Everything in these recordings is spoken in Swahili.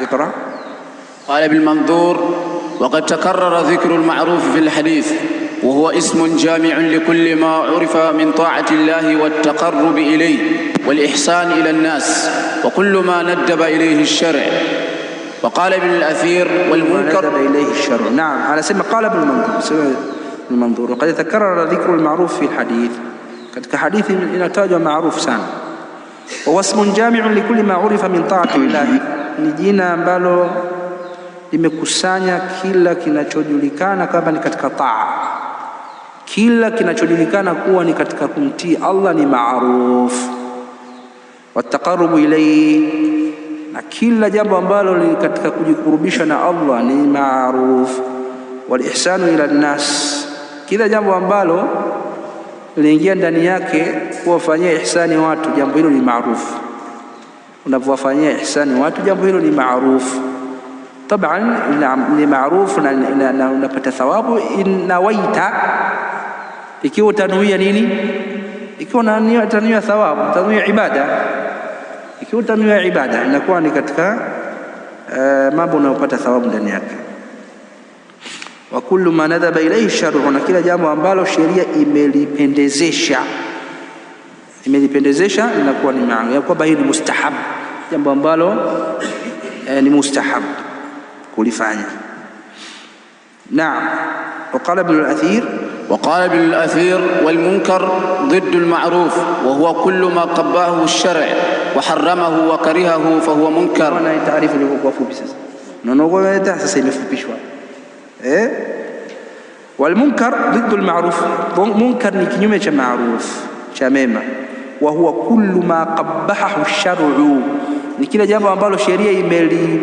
اقرأ قال بالمنظور وقد تكرر ذكر المعروف في الحديث وهو اسم جامع لكل ما عرف من طاعة الله والتقرب إليه والإحسان إلى الناس وكل ما ندب إليه الشرع وقال ابن الأثير والمنكر ندب إليه الشرع نعم على سمع قال بالمنظور المنظور وقد تكرر ذكر المعروف في الحديث كحديث نتاج معروف سام وهو اسم جامع لكل ما عرف من طاعة الله ni jina ambalo limekusanya kila kinachojulikana kama ni katika taa, kila kinachojulikana kuwa ni katika kumtii Allah ni maruf wataqarubu ilayhi, na kila jambo ambalo ni katika kujikurubisha na Allah ni maruf walihsanu ila nnas, kila jambo ambalo linaingia ndani yake kuwafanyia ihsani watu, jambo hilo ni maarufu unavyowafanyia ihsani watu, jambo hilo ni maarufu taban, ni maarufu na unapata thawabu. Inawaita ikiwa utanuia nini, ikiwa utanuia thawabu, utanuia ibada, ikiwa utanuia ibada inakuwa ni katika uh, mambo unayopata thawabu ndani yake. Wa kullu ma nadhaba ilayhi shar'u, na kila jambo ambalo sheria imelipendezesha nimelipendezesha linakuwa ni maana ya kwamba hii ni mustahab, jambo ambalo eh, ni mustahab kulifanya. Naam, waqala Ibn al-Athir وقال ابن الأثير والمنكر ضد المعروف وهو كل ما قباه الشرع وحرمه وكرهه فهو منكر وانا تعريف اللي هو fupi sasa naona kwa sasa imefupishwa eh والمنكر ضد المعروف munkar ni kinyume cha maruf cha mema wa huwa kullu ma qabbahahu shar'u, ni kila jambo ambalo sheria imeli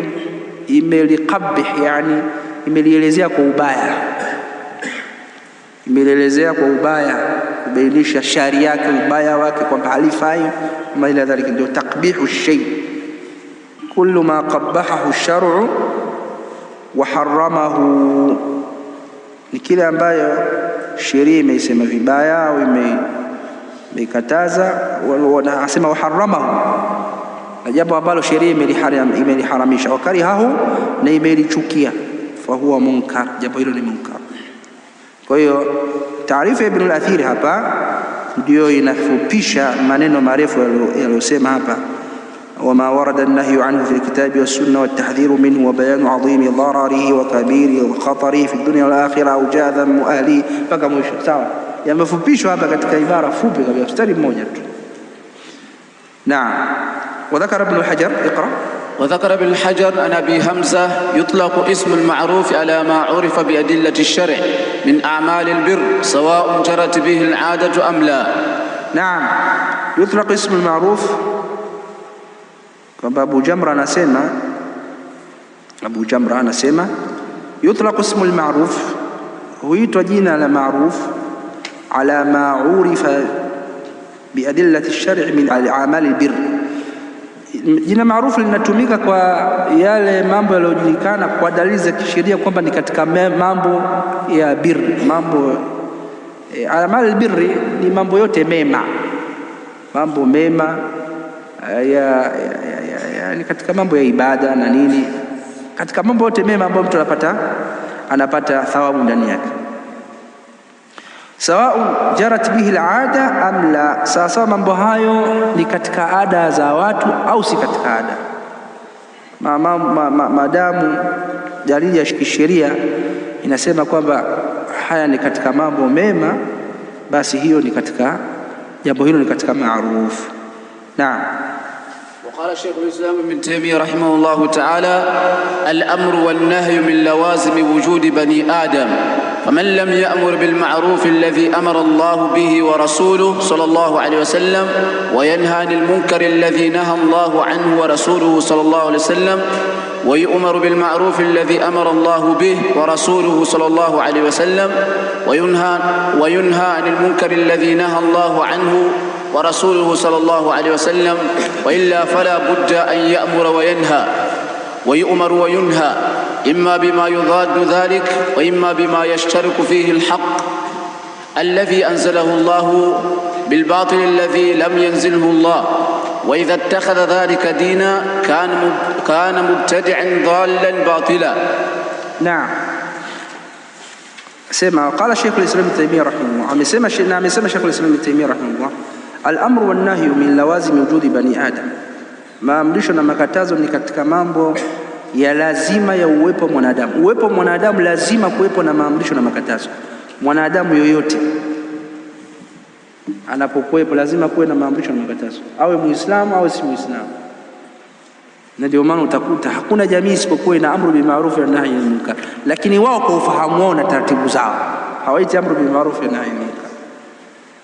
imelikabih, yani imelielezea kwa ubaya, imelielezea kwa ubaya, kubainisha shari yake, ubaya wake, kwamba halifai ama ila dhalika, ndio takbihu shay. Kullu ma qabbahahu shar'u wa haramahu, ni kile ambayo sheria imeisema vibaya au ime Imekataza wanasema waharamahu, na jambo ambalo sheria imeliharamisha, wakarihahu, na imelichukia, fahuwa munkar, jambo hilo ni munkar. Kwa hiyo taarifa ya Ibn al-Athir hapa ndio inafupisha maneno marefu yaliyosema hapa وما ورد النهي عنه في الكتاب والسنة والتحذير منه وبيان عظيم ضرره وكبير خطره في الدنيا والآخرة dunya walakhira aujaadha muahlihi, mpaka yamefupisho hapa katika ibara fupi kabisa, mstari mmoja tu. Naam, wa dhakara Ibn Hajar, iqra وذكر ابن حجر عن ابي همزه يطلق اسم المعروف على ما عرف بادله الشرع من اعمال البر سواء جرت به العاده ام لا نعم يطلق اسم المعروف kwamba Abu Jamra anasema Abu Jamra anasema yutlaq ismu al-ma'ruf huitwa jina la ma'ruf ala ma urifa biadillati lshari min amali lbir. Jina maarufu linatumika kwa yale mambo yaliyojulikana kwa dalili za kisheria kwamba ni katika mambo ya bir, mambo e, eh, amali lbiri ni mambo yote mema, mambo mema eh, ya, ya, ya, ya, ya, katika mambo ya ibada na nini, katika mambo yote mema ambayo mtu anapata anapata thawabu ndani yake sawa jarat bihi lada am la, sawasawa mambo hayo ni katika ada za watu au si katika ada. Ma, ma, ma, ma, madamu dalili ya kisheria inasema kwamba haya ni katika mambo mema, basi hiyo ni katika jambo hilo ni katika maarufu. Naam. Qala Sheikh al-Islam Ibn Taymiyyah rahimahullahu ta'ala al-amru wan nahyu min lawazimi wujudi bani adam ومن لم يأمر بالمعروف الذي أمر الله به ورسوله صلى الله عليه وسلم وينهى عن المنكر الذي نهى الله عنه ورسوله صلى الله عليه وسلم ويؤمر بالمعروف الذي أمر الله به ورسوله صلى الله عليه وسلم وينهى, وينهى عن المنكر الذي نهى الله عنه ورسوله صلى الله عليه وسلم وإلا فلا بد أن يأمر وينهى ويؤمر وينهى إما بما يضاد ذلك وإما بما يشترك فيه الحق الذي أنزله الله بالباطل الذي لم ينزله الله وإذا اتخذ ذلك دينا كان كان مبتدعا ضالا باطلا نعم سمع قال شيخ الإسلام ابن تيمية رحمه الله نعم سيما شيخ الإسلام ابن تيمية رحمه الله الأمر والنهي من لوازم وجود بني آدم ما أمرشنا ما كتازو katika mambo ya lazima ya uwepo wa mwanadamu. Uwepo wa mwanadamu lazima kuwepo na maamrisho na makatazo. Mwanadamu yoyote anapokuwepo lazima kuwe na maamrisho na makatazo, awe muislamu awe si muislamu. Na ndio maana utakuta hakuna jamii isipokuwa ina amru bil ma'ruf wa nahy anil munkar, lakini wao kwa ufahamu wao na taratibu zao hawaiti amru bil ma'ruf wa nahy anil munkar,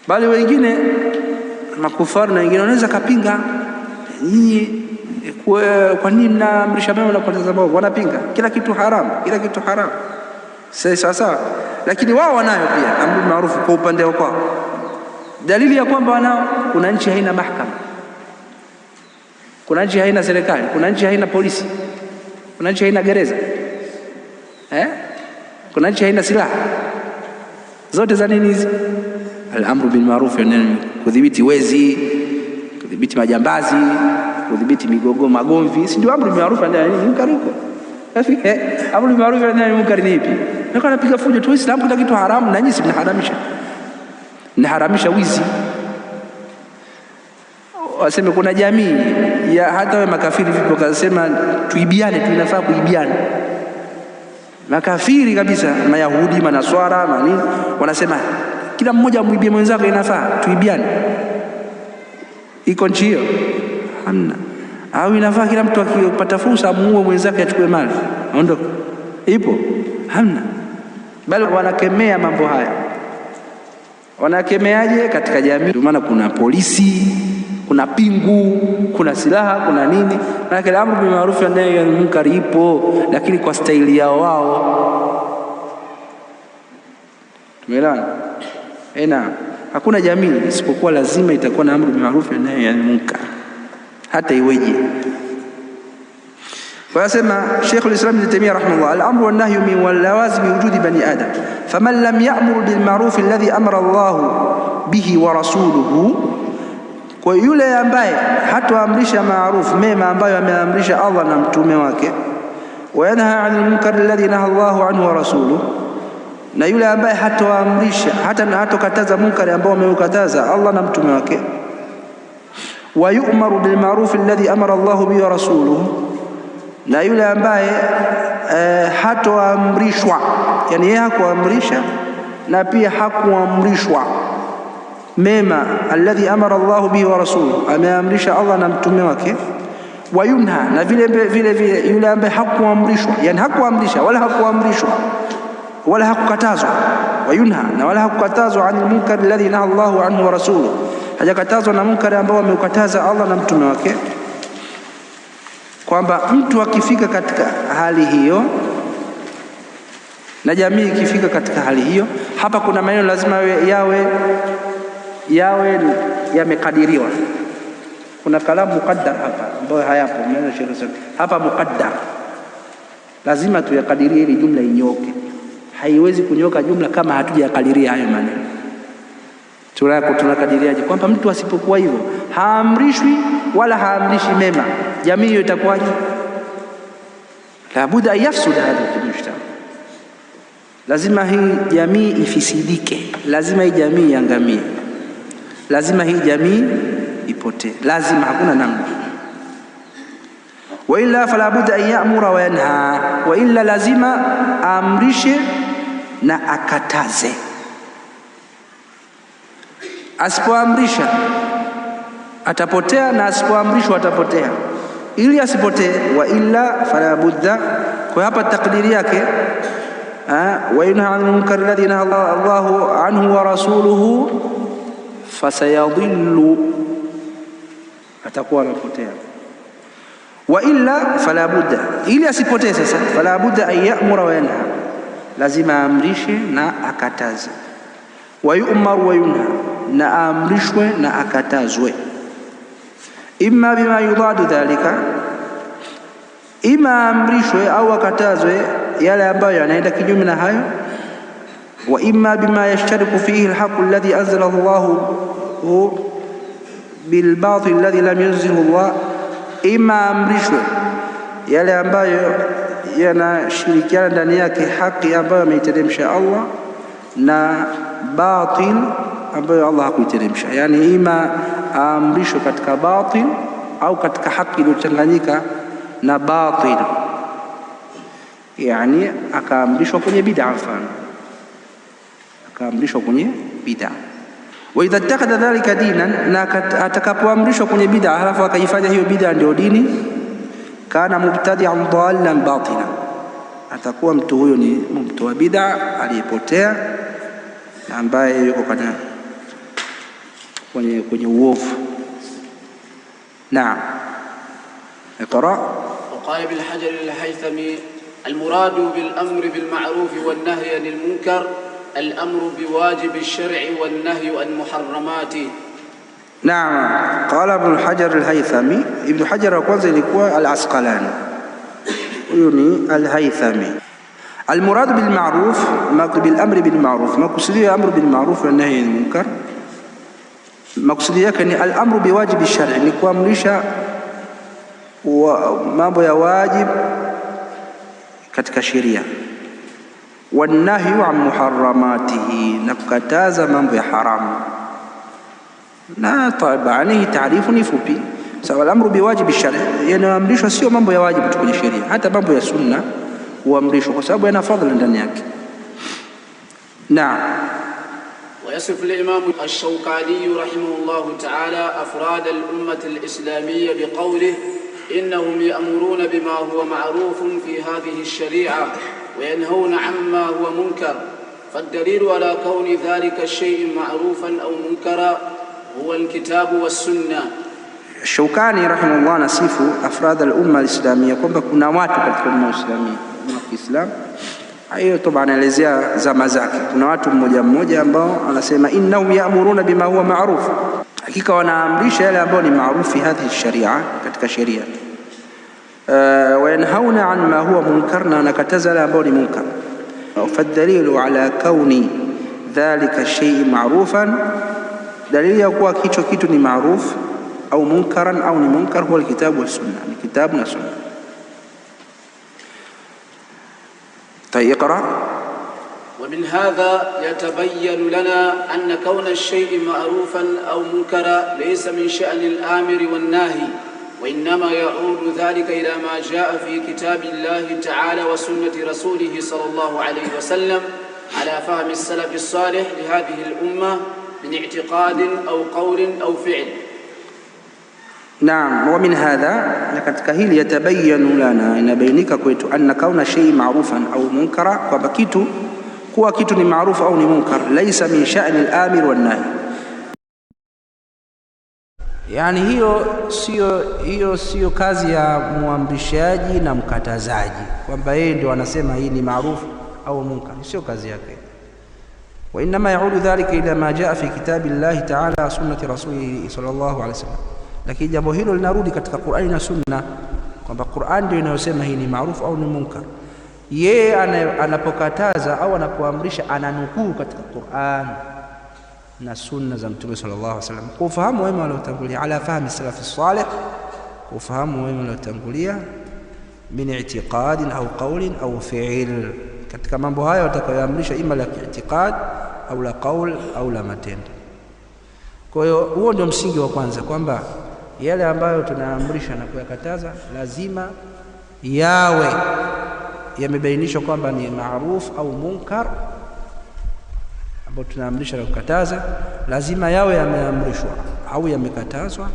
bali wengine makufari na wengine wanaweza kapinga nyinyi kwa nini mnaamrisha mema na kukataza maovu? Wanapinga kila kitu haramu, kila kitu haramu, sawa sawa, lakini wao wanayo pia amri maarufu kwa upande wao. Dalili ya kwamba wanao, kuna nchi haina mahakama, kuna nchi haina serikali, kuna nchi haina polisi, kuna nchi haina gereza eh? kuna nchi haina silaha zote za nini hizi? Al-amru bil ma'ruf, yaani kudhibiti wezi, kudhibiti majambazi kudhibiti migogo magomvi, si ndio amri maarufu na nini munkari huko? eh, amri maarufu na nini munkari ni ipi? Na kana piga fujo tu, Uislamu kuna kitu haramu na nyinyi mnaharamisha. Mnaharamisha wizi. Waseme kuna jamii ya hata we makafiri vipo kasema tuibiane tu, inafaa kuibiana. Makafiri kabisa, Mayahudi, Manaswara, manini wanasema kila mmoja amwibie mwenzako, inafaa tuibiane. Iko nchi hiyo hamna? Au inafaa kila mtu akipata fursa amuue mwenzake achukue mali aondoke? Ipo? Hamna. Bali wanakemea mambo haya. Wanakemeaje katika jamii? Ndio maana kuna polisi, kuna pingu, kuna silaha, kuna nini. Maanake amru bil ma'ruf na nahyi anil munkar ipo, lakini kwa staili yao wao. Tumeelewana? Ena, eh, hakuna jamii isipokuwa lazima itakuwa na amru bil ma'ruf na nahyi anil munkar. حتى يوجه ويسمى شيخ الإسلام ابن تيمية رحمه الله الأمر والنهي من واللوازم وجود بني آدم فمن لم يأمر بالمعروف الذي أمر الله به ورسوله ويولي أمباي حتى أمرش معروف ميما أمباي وما أمرش الله نمتو مواك وينهى عن المنكر الذي نهى الله عنه ورسوله نيولي أمباي حتى أمرش حتى أنه كتاز منكر أمباي وما كتاز الله نمتو مواكي wa yu'maru bil ma'ruf alladhi amara Allahu bihi wa rasuluhu, na yule ambaye e, hatoamrishwa, yani yeye hakuamrisha na pia hakuamrishwa mema, alladhi amara Allahu bihi wa rasuluhu, ameamrisha Allah na mtume wake, wa na vile vile vile yule ambaye hakuamrishwa, yani hakuamrisha wala hakuamrishwa wala hakukatazwa, wa na wala hakukatazwa anil munkar alladhi naha Allahu anhu wa rasuluhu hajakatazwa na munkari ambao wameukataza Allah na mtume wake, kwamba mtu akifika katika hali hiyo na jamii ikifika katika hali hiyo, hapa kuna maneno lazima yawe yawe yamekadiriwa. Kuna kalamu muqaddar hapa ambayo hayapo maneno hapa muqaddar, lazima tuyakadirie ili jumla inyoke. Haiwezi kunyoka jumla kama hatujakadiria hayo maneno tunakadiriaje kwamba mtu asipokuwa hivyo haamrishwi wala haamrishi mema, jamii hiyo itakuwaje? Labuda ayafsuda hadha mujtama, lazima hii jamii ifisidike, lazima hii jamii iangamie, lazima hii jamii ipotee, lazima, hakuna namna. Wa illa fala budda an ya'mura wa yanha, wa illa lazima amrishe na akataze asipoamrisha atapotea na asipoamrishwa atapotea, ili asipotee. Wa illa fala budda, kwa hapa takdiri yake wa yunha anil munkari alladhi naha Allahu anhu wa rasuluhu fasayadhillu, atakuwa amepotea. Wa illa fala budda, ili asipotee sasa, fala budda an ya'mura wa yanha, lazima aamrishe na akataze. Wa yu'mar wa yunha na aamrishwe na akatazwe, imma bima yudadu dhalika, ima aamrishwe au akatazwe yale ambayo yanaenda kinyume na hayo, wa imma bima yashtariku fihi alhaqu alladhi anzalahu Allahu bilbatil alladhi lam yunzilhu Allah, ima aamrishwe yale ambayo yanashirikiana ndani yake haki ambayo ameiteremsha Allah na batil ambayo Allah hakuiteremsha, yaani ima aamrishwe katika batil au katika haki iliyochanganyika na batil, yani akaamrishwa kwenye bid'a, mfano akaamrishwa kwenye bid'a. Wa idha itakada dhalika dinan, na atakapoamrishwa kwenye bid'a halafu akajifanya hiyo bid'a ndio dini, kana mubtadi'an dhallan batila, atakuwa mtu huyo ni mtu wa bid'a aliyepotea, ambaye yuko kwenye kwenye kwenye uovu. Naam, iqra. Waqala Ibn Hajar al-Haythami almuradu bilamri bilmarufi wannahyi anil munkar alamru biwajibi ash-shar'i wannahyu an muharramatihi. Naam, qala Ibn Hajar al-Haythami. Ibn Hajar wa kwanza ilikuwa al-Asqalani, huyu ni al-Haythami. Almuradu bilmaruf, bilamri bilmaruf, makusudia amru bilmaruf wannahyi anil munkar Maksudi yake ni al-amru biwajibi shar'i, ni kuamrisha mambo ya wajib katika sheria, wanahyu an muharramatihi, na kukataza mambo ya haramu. Na tabani hii taarifu ni fupi. Sawa, al-amru biwajibi shar'i yanayoamrishwa sio mambo ya wajibu tu kwenye sheria, hata mambo ya sunna huamrishwa kwa sababu yana fadhila ndani yake. Naam. ويصف الإمام الشوكاني رحمه الله تعالى أفراد الأمة الإسلامية بقوله إنهم يأمرون بما هو معروف في هذه الشريعة وينهون عما هو منكر فالدليل على كون ذلك الشيء معروفا أو منكرا هو الكتاب والسنة الشوكاني رحمه الله نصف أفراد الأمة الإسلامية كما كنا kuna watu الإسلامية umma الإسلام Hiyo toba anaelezea zama zake. Kuna watu mmoja mmoja ambao anasema innahum ya'muruna bima huwa ma'ruf, hakika wanaamrisha yale ambayo ni maarufi hadhi sharia, katika sheria uh, wa an ma huwa munkar, na anakataza yale ambayo ni munkar. Fadalilu ala kauni dhalika shay'in ma'rufan, dalili ya kuwa kicho kitu ni maruf au munkaran au ni munkar, huwa alkitabu wa sunna, ni kitabu na sunna طيب اقرأ ومن هذا يتبين لنا أن كون الشيء معروفا أو منكرا ليس من شأن الآمر والناهي وإنما يعود ذلك إلى ما جاء في كتاب الله تعالى وسنة رسوله صلى الله عليه وسلم على فهم السلف الصالح لهذه الأمة من اعتقاد أو قول أو فعل Naam, wa min hadha, na katika hili yatabayanu lana, inabainika kwetu, anna kauna shay ma'rufan au munkara, kwamba kitu kuwa kitu ni maarufu au ni munkar, laisa min sha'ni al-amir wan nahi, yani hiyo sio hiyo sio kazi ya muamrishaji na mkatazaji, kwamba yeye ndio anasema hii ni maarufu au munkar, sio kazi yake wa innama yaudu dhalika ila ma jaa fi kitabi llahi ta'ala wa sunnati rasulihi sallallahu alayhi wasallam lakini jambo hilo linarudi katika Qur'ani na Sunna kwamba Qur'an ndio inayosema hii ni maarufu au ni munkar yeye anapokataza au anapoamrisha ananukuu katika Qur'an na sunna za Mtume صلى الله عليه وسلم kufahamu wema waliotangulia ala fahmi salafi salih kufahamu ufahamu wema waliotangulia min i'tiqad au qawlin au fi'l katika mambo haya watakayoamrisha ima la i'tiqad au la qawl au la matendo kwa hiyo huo ndio msingi wa kwanza kwamba yale ambayo tunaamrisha na kuyakataza lazima yawe yamebainishwa kwamba ni maruf au munkar, ambayo tunaamrisha na kukataza lazima yawe yameamrishwa au yamekatazwa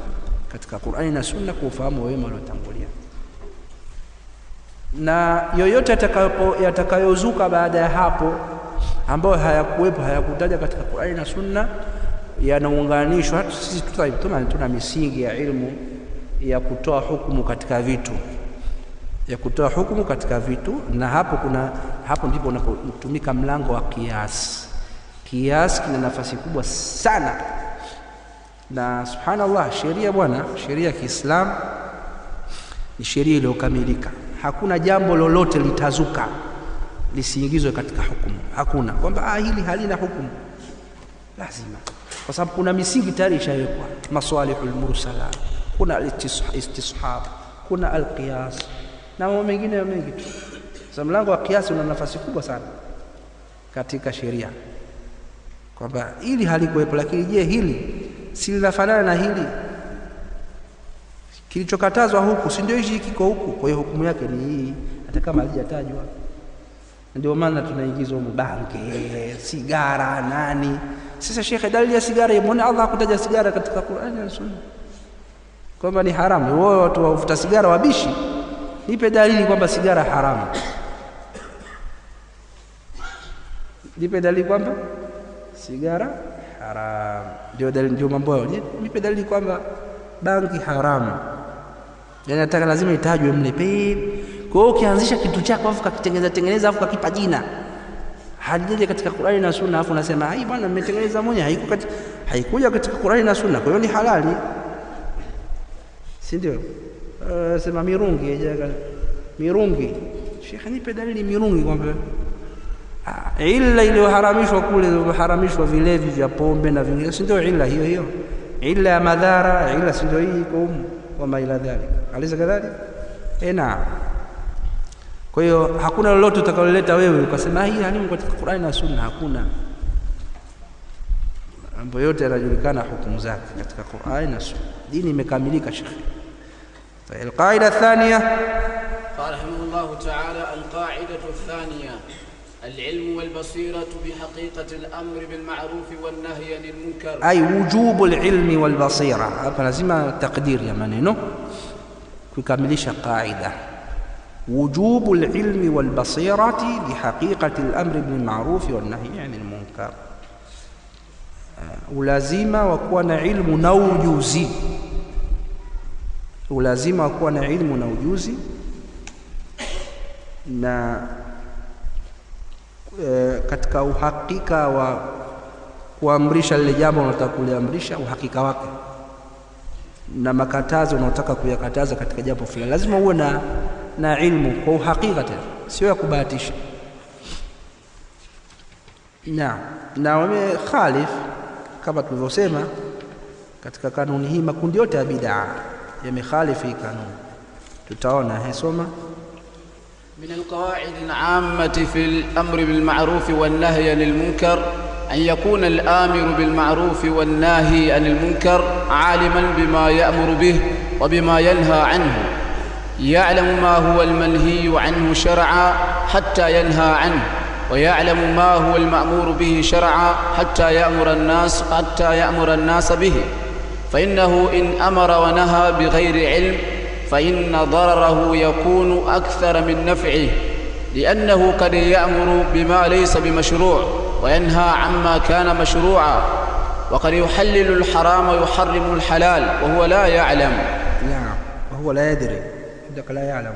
katika Qur'ani na Sunna, kwa ufahamu wema waliotangulia na yoyote yatakayozuka baada ya hapo ambayo hayakuwepo hayakutaja katika Qur'ani na Sunna yanaunganishwa. sisi sisi tuna misingi ya ilmu ya kutoa hukumu katika vitu ya kutoa hukumu katika vitu, na hapo kuna hapo ndipo unapotumika mlango wa kiasi. Kiasi kina nafasi kubwa sana, na subhanallah, sheria bwana, sheria ya Kiislamu ni sheria iliyokamilika. Hakuna jambo lolote litazuka lisiingizwe katika hukumu. Hakuna kwamba ah, hili halina hukumu, lazima kwa sababu kuna misingi tayari ishawekwa, maswalihul mursala kuna istishab, kuna alqiyas na mambo mengine mengi tu. Sasa mlango wa kiasi una nafasi kubwa sana katika sheria, kwamba hili halikuwepo, lakini je, hili si linafanana na hili? Kilichokatazwa huku si ndio hichi kiko huku? Kwa hiyo hukumu yake ni hii, hata kama halijatajwa ndio maana tunaingizwa humu bange, sigara, nani. Sasa shekhe, dalili ya sigara, mbona Allah hakutaja sigara katika Qur'ani na Sunna kwamba ni haramu? Wao watu wavuta sigara wabishi, nipe dalili kwamba sigara haramu, nipe dalili kwamba sigara haramu. Ndio dalili, ndio mambo yao. Nipe dalili kwamba bangi haramu, yani nataka lazima itajwe mlepe kwa hiyo ukianzisha kitu chako afu kakitengeneza tengeneza afu kakipa jina hadithi katika Qur'ani na Sunna, afu unasema ai bwana, nimetengeneza mwenye, haiku katika haikuja katika Qur'ani na Sunna, kwa hiyo ni halali, si ndio? Uh, sema mirungi jaga mirungi, Sheikh, nipe dalili mirungi kwamba ah, illa iliyoharamishwa kule, iliyoharamishwa vilevi vya pombe na vingine, si ndio? ila hiyo hiyo, ila madhara, ila si ndio hii kwa umu, wa maila dhalika, alisa kadhalika, eh, Kwa hiyo hakuna lolote utakaloleta wewe ukasema hii halimo katika Qur'ani na Sunna, hakuna. Mambo yote yanajulikana hukumu zake katika Qur'ani na Sunna. Dini imekamilika shekhi. القاعدة الثانية قال رحمه الله تعالى القاعدة الثانية العلم والبصيرة بحقيقة الأمر بالمعروف والنهي عن المنكر أي وجوب العلم والبصيرة هذا لازم تقدير يا منينو كمليش قاعدة wujubu lilmi walbasirati bihaqiqati lamri bilmarufi wannahi ani lmunkar, uh, ulazima wa kuwa na ilmu na ujuzi, ulazima wa kuwa na ilmu na ujuzi na e, katika uhakika wa kuamrisha lile jambo unalotaka kuliamrisha, uhakika wake na makatazo unaotaka kuyakataza katika jambo fulani, lazima uwe na na ilmu kwa uhakika tena sio ya kubahatisha na na wame khalif kama tulivyosema katika kanuni hii makundi yote ya bid'a yamekhalifu hii kanuni tutaona hesoma من القواعد العامة في الأمر بالمعروف والنهي عن المنكر أن يكون الآمر بالمعروف والناهي عن المنكر عالما بما يأمر به وبما ينهى عنه يعلم ما هو المنهي عنه شرعا حتى ينهى عنه ويعلم ما هو المأمور به شرعا حتى يأمر الناس حتى يأمر الناس به فإنه إن أمر ونهى بغير علم فإن ضرره يكون أكثر من نفعه لأنه قد يأمر بما ليس بمشروع وينهى عما كان مشروعا وقد يحلل الحرام ويحرم الحلال وهو لا يعلم نعم وهو لا يدري ذاك لا يعلم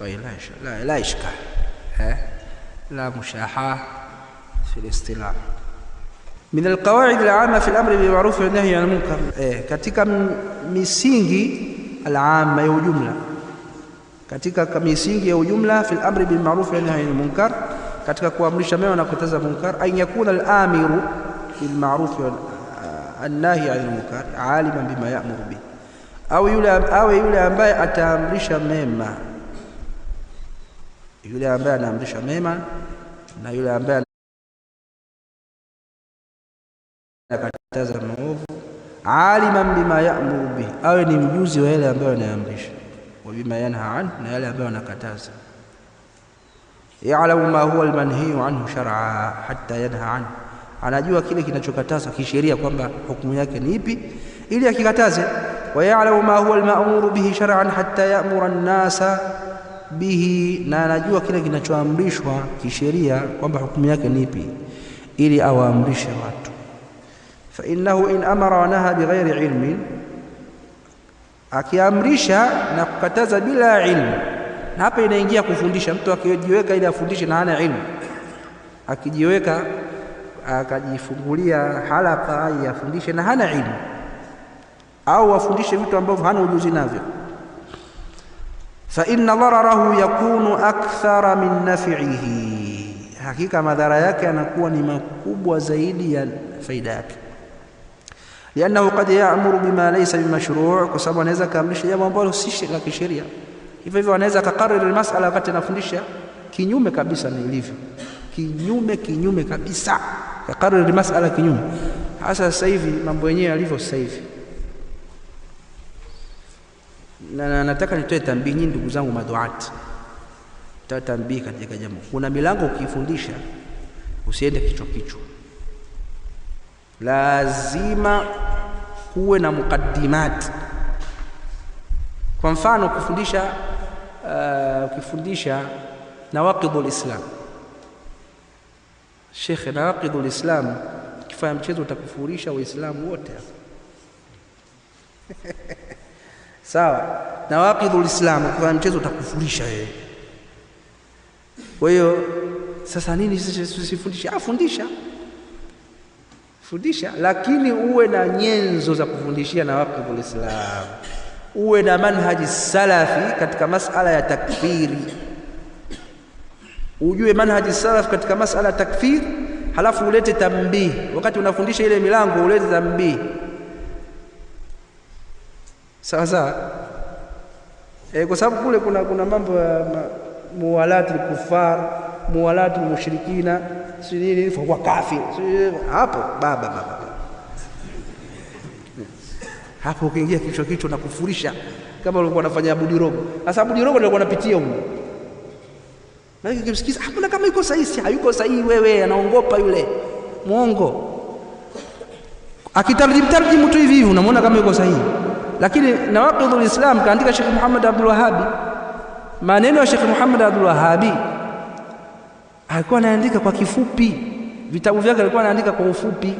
طيب لا لا لا إشكال لا مشاحة في الاصطلاح من القواعد العامة في الأمر بالمعروف والنهي عن المنكر إيه كاتيكا ميسينجي العامة يو جملة كاتيكا ميسينجي يو جملة في الأمر بالمعروف والنهي عن المنكر كاتيكا كوام ريشا كنت كوتازا منكر أن يكون الآمر بالمعروف والنهي عن المنكر عالما بما يأمر به au yule, awe yule ambaye ataamrisha mema, yule ambaye anaamrisha mema na yule ambaye anakataza maovu. Aliman bima ya'muru bihi, awe ni mjuzi wa yale ambayo anaamrisha, wa bima yanha an, na yale ambayo anakataza. Ya'lamu ma huwa almanhiyu anhu shar'a hatta yanha anhu, anajua kile kinachokataza kisheria kwamba hukumu yake ni ipi ili akikataze wayalamu ma huwa almaamuru bihi shar'an hatta ya'mura an-nasa bihi, na anajua kile kinachoamrishwa kisheria kwamba hukumu yake ni ipi, ili awaamrishe watu. Fa innahu in amara wa naha bighairi ilmin, akiamrisha na kukataza bila ilmu. Na hapa inaingia kufundisha. Mtu akijiweka ili afundishe na hana ilmu, akijiweka akajifungulia halaka afundishe na hana ilmu au wafundishe vitu ambavyo hana ujuzi navyo fa inna dararahu yakunu akthara min nafihi, hakika madhara yake yanakuwa ni makubwa zaidi ya faida yake. Liannahu qad yaamuru bima laysa bimashru', kwa sababu anaweza kaamrisha jambo ambalo si la kisheria. Hivyo hivyo anaweza kakariri masala wakati anafundisha kinyume kabisa na ilivyo, kinyume kinyume kabisa, kakariri masala kinyume. Hasa sasa hivi mambo yenyewe yalivyo sasa hivi na, na nataka nitoe tambii nyinyi ndugu zangu maduati, tatambii katika jambo. Kuna milango ukiifundisha usiende kichwa kichwa, lazima kuwe na mukadimati Kwa mfano uh, ukifundisha ukifundisha uh, nawaqidul Islam, shekhe, nawaqidul Islam, ukifanya mchezo utakufurisha Waislamu wote sawa na waqidhul Islam. kwa mchezo utakufurisha wewe. Kwa hiyo sasa nini sisifundisha? Ah, fundisha fundisha, lakini uwe na nyenzo za kufundishia na waqidhul Islam, uwe na manhaji salafi katika masala ya takfiri, ujue manhaji salafi katika masala ya takfiri, halafu ulete tambihi wakati unafundisha ile milango, ulete tambihi sawa sawa e, kwa sababu kule kuna, kuna mambo ya ma, muwalati kufar muwalati mushrikina si nini kwa kafir hapo baba baba hapo ukiingia kichwa kichwa na kufurisha kama ulikuwa unafanya Abudi Rogo. Sasa Abudi Rogo ndio unapitia huko. Na ukimsikiza hakuna kama yuko sahihi, si hayuko sahihi wewe, anaongopa yule muongo Akitarjim tarjimu tu hivi hivi unamwona kama yuko sahihi. Lakini Nawaqidhul Islam kaandika Sheikh Muhammad Abdul Wahhabi, maneno ya Sheikh Muhammad Abdul Wahhabi alikuwa anaandika kwa kifupi, vitabu vyake alikuwa anaandika kwa ufupi,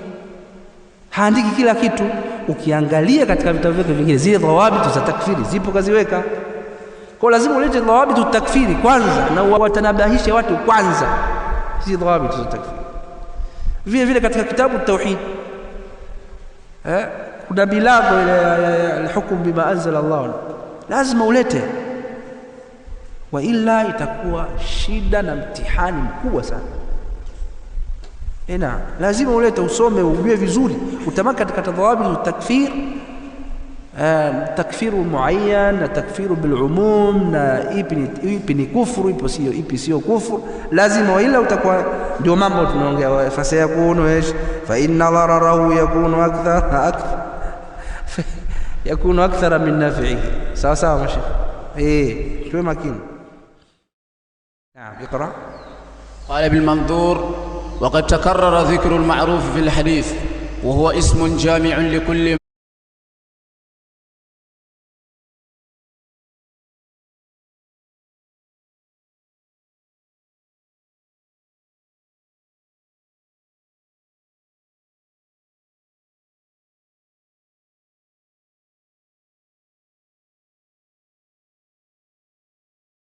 haandiki kila kitu. Ukiangalia katika vitabu vyake vingine, zile dhawabitu za takfiri zipo kaziweka. Kwa lazima ulete dhawabitu takfiri kwanza, na watanabahisha watu kwanza, hizi dhawabitu za takfiri. Vile vile katika kitabu tauhid eh kuna milango ile hukumu bima anzala Allah lazima ulete wa illa itakuwa shida na mtihani mkubwa sana ina lazima ulete usome ujue vizuri utamaka katika tadhawabi takfir takfiru muayyan na takfiru bil umum na ipi ni ipi ni kufuru ipo sio ipi sio kufuru lazima ila utakuwa ndio mambo tunaongea fasa yakunu fa inna dararahu yakunu akthar akthar يكون أكثر من نافعه سوا سوا ماشي إيه شوي ماكين نعم يقرأ قال ابن منظور وقد تكرر ذكر المعروف في الحديث وهو اسم جامع لكل